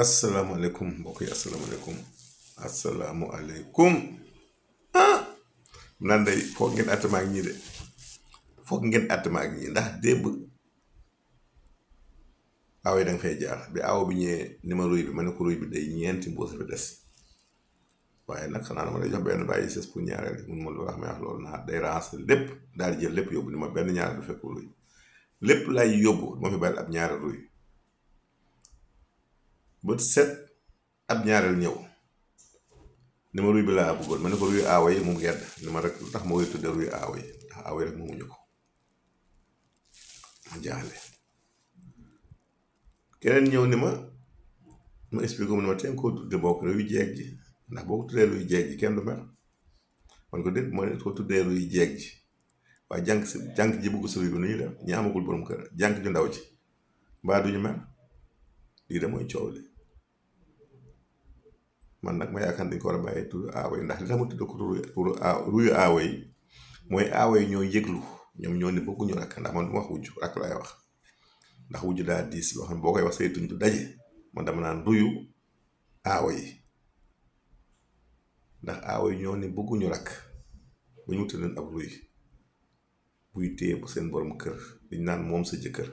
asalaamaaleykum mbokk yi asalaamaaleykum asalaamaaleykum ah naan day foog ngeen àtt maag ñii de foog ngeen àtt maag ñii ndax démb aw yi da jaar bi aw bi ñëwee ni ma ruy bi ma ne ko ruy bi day ñeenti mbuus fi des waaye nag xanaa dama lay jox benn bàyyi ses pour ñaareel mun ma lu wax may loolu naa day raxas lépp daal jël lépp yóbbu ni ma benn ñaareel du fekk ruy lépp laay yóbbu ma fi bàyyi ab ñaareel ruy. bët set ab ñaareel ñëw ni ma ruy bi laa bëggoon ma ne ko ruy aawa yi mu gedd ni ma rek lu tax ma koy tuddee ruy aawa yi ndax aawa yi rek moomuñu ko mu jaaxle keneen ñëw ni ma ma expliqué ko mu ne ma teen koo tuddee bokk ruy jeeg ji ndax boo ko tuddee ruy jeeg ji kenn du mer man ko dégg moo ne ko tuddee ruy jeeg ji waaye jànk si jànk bi nu ñuy def ñi amagul borom kër jànk ju ndaw ji mbaa duñu mer lii de mooy coow li man nak ma yaakaar ko war a bàyyi ndax li tax ma ko turu ruyu aawa yi mooy aawa yi ñoo yëglu ñoom ñoo ne bëgguñu rakk ndax man du wax wujj rakk laay wax ndax nah, wuju da dis lo xam bokay wax say tuñ du daje man dama nan ruyu aawa yi ndax aawa yi ñoo ne bëgguñu rakk ba ñu wutal leen ab ruy buy bu seen borom kër dañ nan mom sa jëkër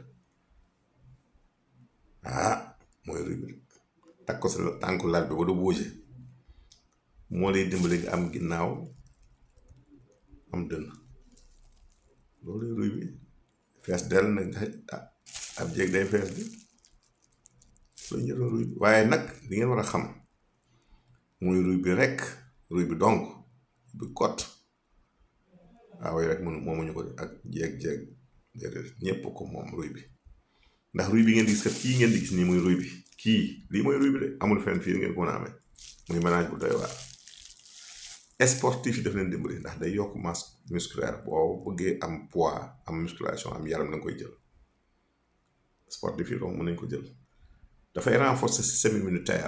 ah, ya ya nah, nah, ya ah moy ruyu takk sa tanku lal bi wodo du mo lay dimbali nga am ginnaw am deun loolu ruy bi fess del nag ab jéeg day bi di ñu njëriñ ruy waye nak, di ngeen wara xam muy ruy bi rek ruy bi donc bi kot waaw ah, rek mo ñu ko ak jeeg jeeg déedéet ñepp ko mom ruy bi ndax ruy bi ngeen di gis ki ngeen di gis ni muy ruy bi kii lii mooy ruy amul fenn fii ngeen ko mën a amee muy ménage bu doy waar sportif yi daf leen dimbali ndax day yokk masse musculaire boo bëggee am poids am musculation am yaram da nga koy jël sportif yi donc mën nañ ko jël dafay renforcer système immunitaire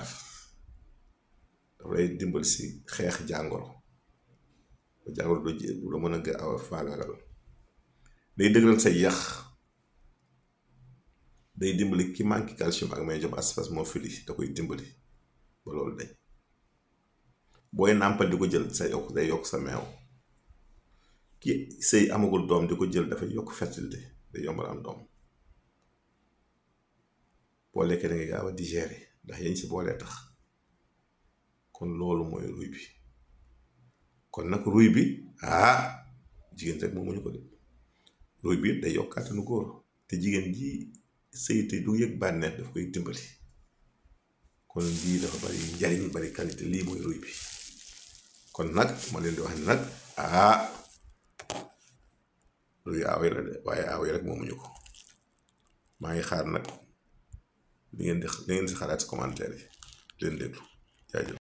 dafa dafay dimbali si xeex jàngoro jàngoro du la mën a faagaagal day dëgëral say yax day dimbali ki manki calcium ak mo fili da koy dimbali ba loolu day boy nampal di ko jël say yok day yok sa mew ki say amagul dom di ko da fay yok fertilité da yombal am dom bo lekkee da ngay gaaw digérer ndax yañ si boolee tax kon lolou moy ruy bi kon nak ruy bi ah jigen rek moomuñu ko def ruy bi day yokkaatanu góor te jigen ji sëy du yëg bànneex daf koy dimbali kon lii dafa bari njariñ bari qualité lii mooy ruy bi kon nag ma leen di wax nag ah ruy aawe la de waaye aawe rek moomuñu ko maa ngi xaar nag li ngeen di li ngeen di xalaat si commentaire yi leen déglu jaajëf